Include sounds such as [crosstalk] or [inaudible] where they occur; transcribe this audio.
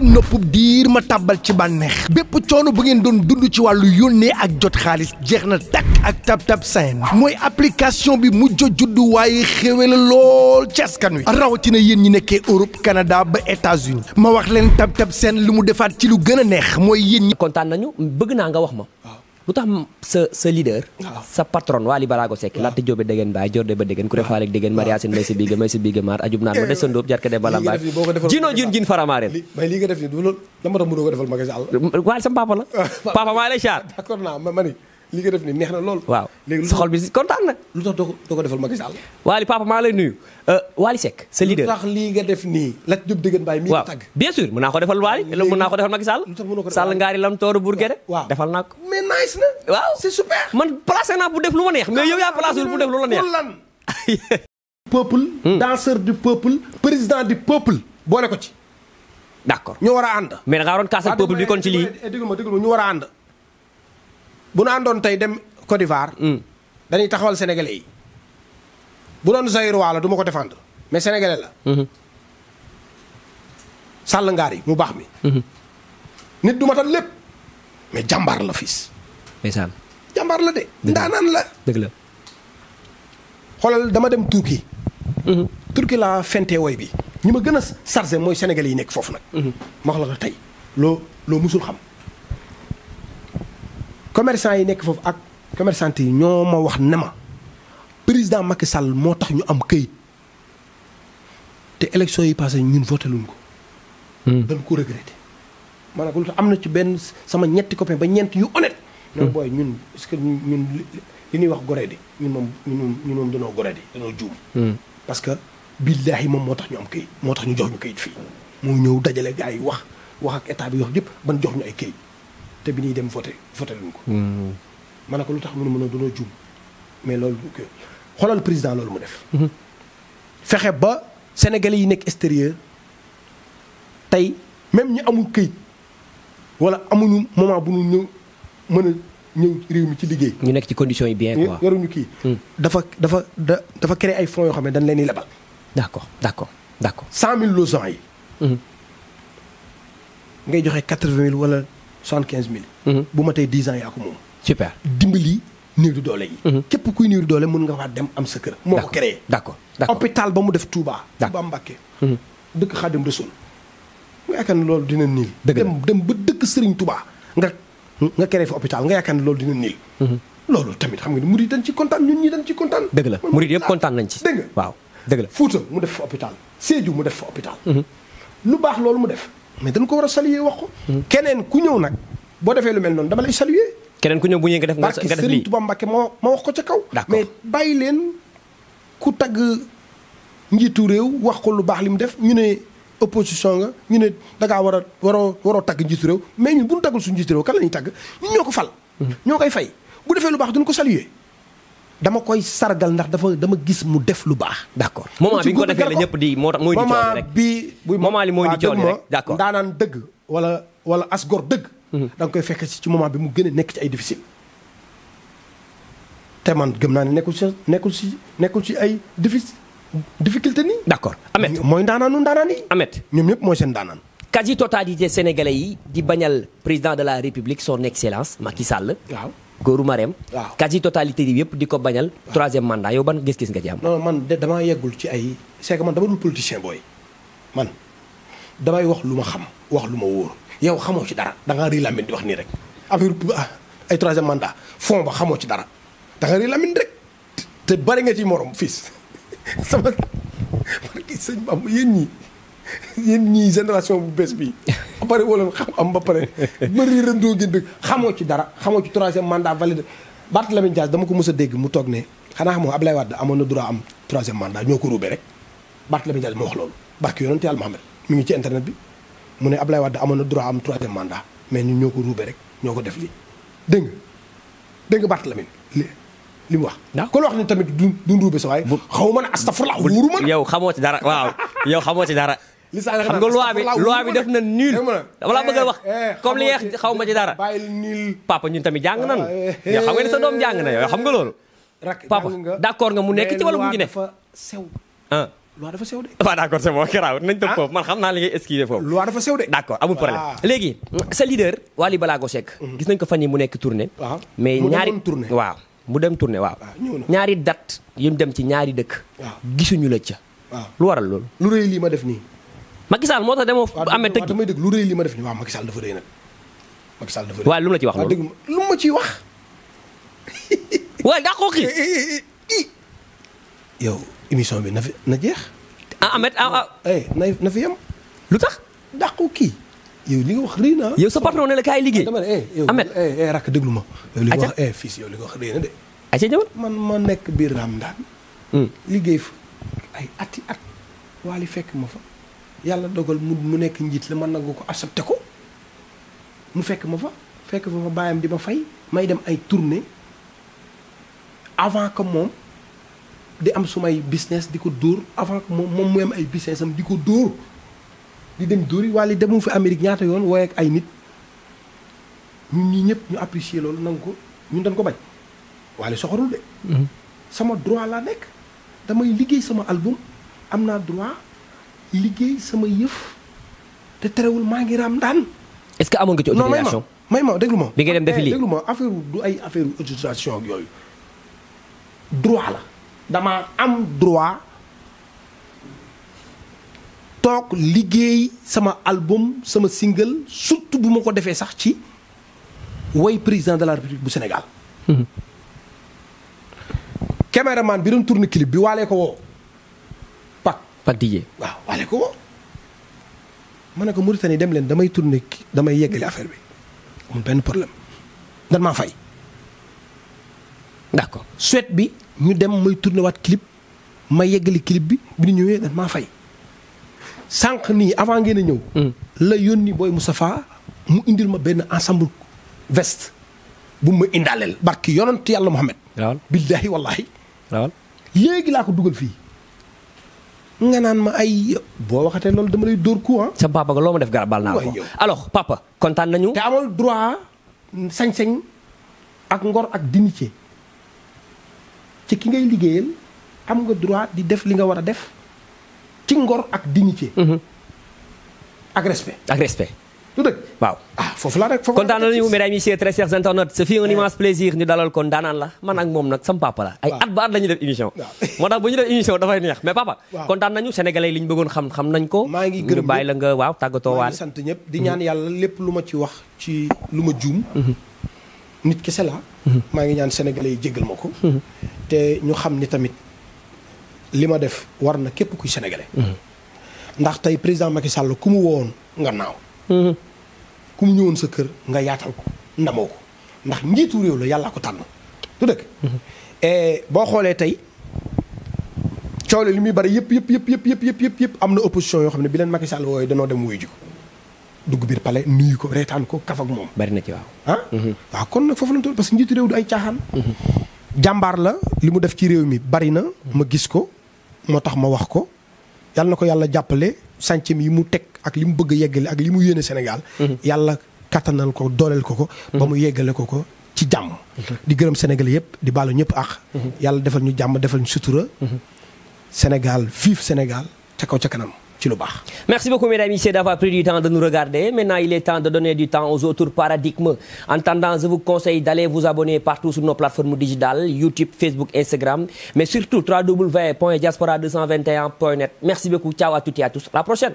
seen noppub diir ma tàbbal ci bànneex bépp coono bu ngeen doon dund ci wàllu yónnee ak jot xaalis jeex na takk ak Tab Tab Send mooy application bi mujj juddu waaye xéwe la lool ci askan wi rawatina yéen ñi nekkee Europe Canada ba États-Unis ma wax leen Tab Tab Send lu mu defaat ci lu gën a neex mooy yéen ñi kontaan nañu bëgg naa nga wax ma ah. lu tax sa sa leader. sa patron Waly Balago Seck. waaw laata jóobe dégg baay jor de ba dégg. waaw kuréel faale dégg Maria may si biige may si biige maar ajub naan ma des sa ndóob jar ka def jino jin jin faramareen. li may lii def nii du loolu dama doon mënoo ko defal magasin àll. Waly sama papa la. [laughs] papa maa lay char. li nga def ni neex na lool. waaw sa xol bi si kontaan na. lu tax doo ko doo ko defal Macky Sall. Waly papa maa nuyu. Euh, Waly Seck sa leader lu tax lii nga def nii. Lat Diop Dëggan Baay mi ngi tàgg. bien naa ko defal Waly mën naa ko defal Macky Sall. Sall ngaari lam tooru Bourguére. waaw defal naa ko. mais nice na. waaw man placé naa pour def lu ma neex mais yow yaa placé pour def lu la neex. [laughs] peuple. Hmm. danseur du peuple. président du peuple. boole ko ci. ñu war a mais da ngaa waroon kaasal peuple bi kon ci lii. dégg ma dégg ñu war ànd bu nu doon tey dem Côte d'Ivoire. Mm. dañuy taxawal sénégalais yi. bu doon Zaïrois la duma ko défendre mais sénégalais la. Mm-hmm. sàll ngaar yi mu baax mi. Mm-hmm. nit du matal lépp mais jàmbaar la fils. ndeysaan jàmbaar la de. ndaanaan la dëgg la. xoolal dama dem Turquie. Mm-hmm. Turquie laa fente woy bi. ñi ma gën a chargé mooy sénégalais yi nekk foofu nag. ma wax la ko tey loo loo musul xam. commerçant yi nekk foofu ak commerçante yi ñoo ma wax ne ma président Macky Sall moo tax ñu am këyit te élection yi passé ñun voté luñ ko. Hmm. dañ ko regretté. maanaam lu tax am na ci benn sama ñetti copain ba ñeent yu honnête. non hmm. ñun est-ce ñun li ñuy wax gore ñun moom ñun moom ñun moom danoo gore di danoo juum. Hmm. parce billaahi moom moo tax ñu am këyit moo tax ñu jox ñu këyit fii. moo ñëw dajale gars wax wax ak état bi wax yëpp ban jox ñu ay këyit. te bi ñuy dem voté voté luñ ko. Hmm. ma ne ko lu tax mënu mën a doon juum mais loolu xoolal président loolu mu def. Hmm. fexe ba sénégalais yi nekk extérieur tey même ñu amul këyit wala amuñu moment bu ñu ñëw mën a ñëw réew mi ci liggéey. ñu nekk ci conditions yi bien quoi yoruñu kii. Hmm. dafa dafa da dafa créer ay fonds yoo xam ne dañ leen di lebal. d' accord d' accord d' accord. cent mille logements yi. ngay joxe quatre vingt mille wala. soixante-quinze mille. Mhm. bu ma tey dix ans yaa ko moom. super dimbali néew di doole yi. Mhm. képp kuy néew doole mën nga waa dem am sa kër. moo ko créé d'accord d'accord hôpital ba mu def Touba. Touba Mbacké. Mhm. dëkk Xaadim Rasul. nga yaakaar ne loolu dina niil. dem dem ba dëkk Serigne Touba nga nga créé fi hôpital nga yaakaar ne loolu dina niil. loolu tamit xam nga mu murid dañ ci kontaan ñun ñi dañ ci kontaan. dëgg la murid yëpp kontaan nañ ci. dëgg nga waaw dëgg la. Fuuta mu def fa hôpital Sédhiou mu def fa hôpital. lu baax loolu mu def. mais dañ ko war a saluer wax ko. keneen ku ñëw nag boo defee lu mel noonu dama lay saluer. keneen ku ñëw bu ñëwee nga def nga def lii moo ma wax ko ca kaw. mais bàyyi leen ku tagg njiitu réew wax ko lu baax li mu def ñu ne opposition nga ñu ne da ngaa war a waroo waroo tagg njiitu réew mais ñun bu ñu taggul suñu njiitu réew kan la ñuy tagg ñun ñoo ko fal. Mhm. ñoo koy fay bu defee lu baax duñ ko saluer. dama koy sargal ndax dafa dama gis mu def lu baax. d' accord moment bi nga ko defee la ñëpp di moo tax mooy. di rek moment li mooy di coow rek d' accord daanaan dëgg wala wala as dëgg. Mhm. da nga koy fekk ci moment bi mu gën nekk ci ay difficile. te man gëm naa ne nekkul si nekkul si nekkul si ay diffi difficulté nii. d' accord Ameth mooy ndaanaanu ndaanaan yi. Ameth ñoom ñëpp mooy seen ndaanaan. quasi totalité sénégalais yi di bañal président de la république son excellence Macky Sall. waaw. góoru Marème. waaw quasi totalité yi yëpp di ko bañal. troisième mandat yow ban gis-gis nga ci am. non man de damaa ci ay c'est que man dama dul booy man damay wax lu ma xam wax lu ma wóor yow xamoo ci dara da ngaa rii lamine di wax nii rek affaire ah, ay troisième mandat fond ba xamoo ci dara da nga rii lamine rek te bari nga ci morom fils [laughs] sama [laughs] barki sëñ Bamba ñi ñii bu bees bi [laughs] ba pare wala xam-xam ba pare bëri rëndoo gi dëgg xamoo ci dara xamoo ci troisième mandat valide Barthélémy Dias dama ko mës a dégg mu toog ne xanaa xamoo Ablaye Wade amoon na droit am troisième mandat ñoo ko ruubee rek Barthélémy Dias moo wax loolu barke yonante Yàlla Muhammad mi ngi ci internet bi mu ne Ablaye Wade amoon na droit am troisième mandat mais ñu ñoo ko ruubee rek ñoo ko def lii dégg nga dégg la Barthélémy li li mu wax. ndax kon wax ni tamit du du ruube sa waaye. xaw ma ne astafurlah wóoru ma yow xamoo ci dara waaw yow xamoo ci dara. xam nga loi bi loi bi def na nul eh, dama la a eh, wax eh, comme li nga xaw ma ci dara papa ñun tamit jàng na yow xam nga ni sa jàng na yow xam nga loolu papa d'accord nga mu nekk ci wala mu ngi ne sew ah loi dafa sew de waaw d'accord nañ toog ah. foofu xam naa li ngay foofu loi dafa sew de d'accord amul problème léegi sa leader Wally Ballago Seck mhm. nañ ko fan yi mu nekk tournée mais ñaari waaw mu dem tournée waaw ah, ñaari dat yu dem ci ñaari dëkk gisuñu la ca lu waral loolu lu lii ma def nii Macky Sall moo tax demoo amee tëgg damay dégg lu rëy li ma def ni waaw Macky dafa rëy nag Macky dafa rëy waaye lu la lu ma ciy wax [laughs] waaye daa ko [laughs] yow émission bi na fi na jeex ah Ahmed ah, ah. Eh, na fi yem lu tax daa kii yow li nga wax rëy na yow sa patron ne la kaay liggéey ah, eh, Ahmed eh, rakk déglu ma yow li nga wax fils yow li nga wax ma hmm. liggéey fa ay ati at waali fekk ma fa yàlla dogal mu mu nekk njiit la man nangu ko accepté ko mu fekk ma fa fekk fa ma baayam di ma fay may dem ay tourne avant que moom di am sumay business di ko dóor avant que moom moom mu am ay business am di ko dóor di dem dóor yi wala dem mu fi Amérique ñaata yoon woyeek ay nit ñun ñii ñëpp ñu apprécier loolu nangu ko ñun dañ ko bañ wala soxorul de. Mm-hmm. sama droit laa nekk damay liggéey sama album am naa droit. liggéey sama yëf te terewul maa ngi raam daan. est-ce que amoon nga ci autorisation may ma déglu ma. bi nga dem defi lii eh, déglu ma affaire du ay affaire autorisation ak droit la damaa am droit toog liggéey sama album sama single surtout bu ma ko defee sax ci way président de la république bu Sénégal. Mhm. caméraman bi doon tourné clip bi waalee ko woo ale ko woo ma ne ko Mauritanie dem leen damay tourné damay yeggali affaire bi amul benn problème dan maa fay ko Suède bi ñu dem may tourné waat clip ma yeggali clip bi bi ñu ñëwee dan maa fay sànq nii avant ngeen a ñëw hmm. la yónni booy Moustapha mu indil ma benn ensemble veste bu ma indaaleel barki yonent yàlla Muhammad billaahi wallaahi léegi laa ko dugal fii nga naan ma ay boo waxatee loolu dama lay dóor ku ah. sa papa loo ma def garab baal naa ko alors papa kontaan nañu. te amal droit sañ-sañ ak ngor ak dignité ci ki ngay liggéeyal am nga droit di def li nga war a def ci ngor ak dignité. Mhm. ak respect ak respect. du waaw. ah foofu laa rek foofu kontaan nañu mesdames messieurs très chers internautes ce fut un eh. immense plaisir ñu dalal la man ak moom nag sama papa la ay at ba at la def émission moo tax bu ñu def émission dafay neex mais papa kontaan nañu sénégalais li ñu bëggoon xam xam nañ ko maa ngi gërëm ñu bàyyi la nga waaw tàggatoo waale sant ñëpp di ñaan yàlla lépp lu ma ci wax ci lu ma juum mhm. nit kese la mhm. maa ngi ñaan sénégalais yi jéggal ma ko mhm. te ñu xam ni tamit li ma def war na képp kuy sénégalais ndax tey président Macky Sall ku mu woon nga ku mu ñëwoon sa kër nga yaatal ko ndamoo ko ndax njiitu réew la yàllaa ko tànn du dëkk eh, boo xoolee tey coow li muy bari yëpp yëpp yëpp yëpp yëpp yëpp yëpp yëpp am na opposition yoo xam ne bi leen Macky Sall wooyee danoo dem wuyu ji ko dugg biir palais nuyu ko reetaan ko kaf moom bari na ci waaw ah mhm. kon nag foofu lañ toll parce que njiitu réew du ay caaxaan mhm. jàmbaar la li mu def ci réew mi bari na ma gis ko moo tax ma wax ko yàlla na ko yàlla jàppale sàncam yi mu teg ak li mu bëgg a yeggale ak li mu yéene Sénégal mhm. yàlla kattanal ko dooleel ko ko ba mu mhm. yeggale ko ko ci jàmm di gërëm Sénégalais yëpp di baalu ñëpp ax mhm. yàlla defal ñu jàmm defal ñu sutura Sénégal vive Sénégal ca kaw ca kanam ci lu merci beaucoup mesdames et messieurs pris du temps de nous regarder maintenant il est temps de donner du temps aux autres paradigmes en attendant je vous conseille d'aller vous abonner partout sur nos plateformes digitales YouTube Facebook Instagram mais surtout www.diaspora221.net merci beaucoup ciao à toutes et à tous la prochaine.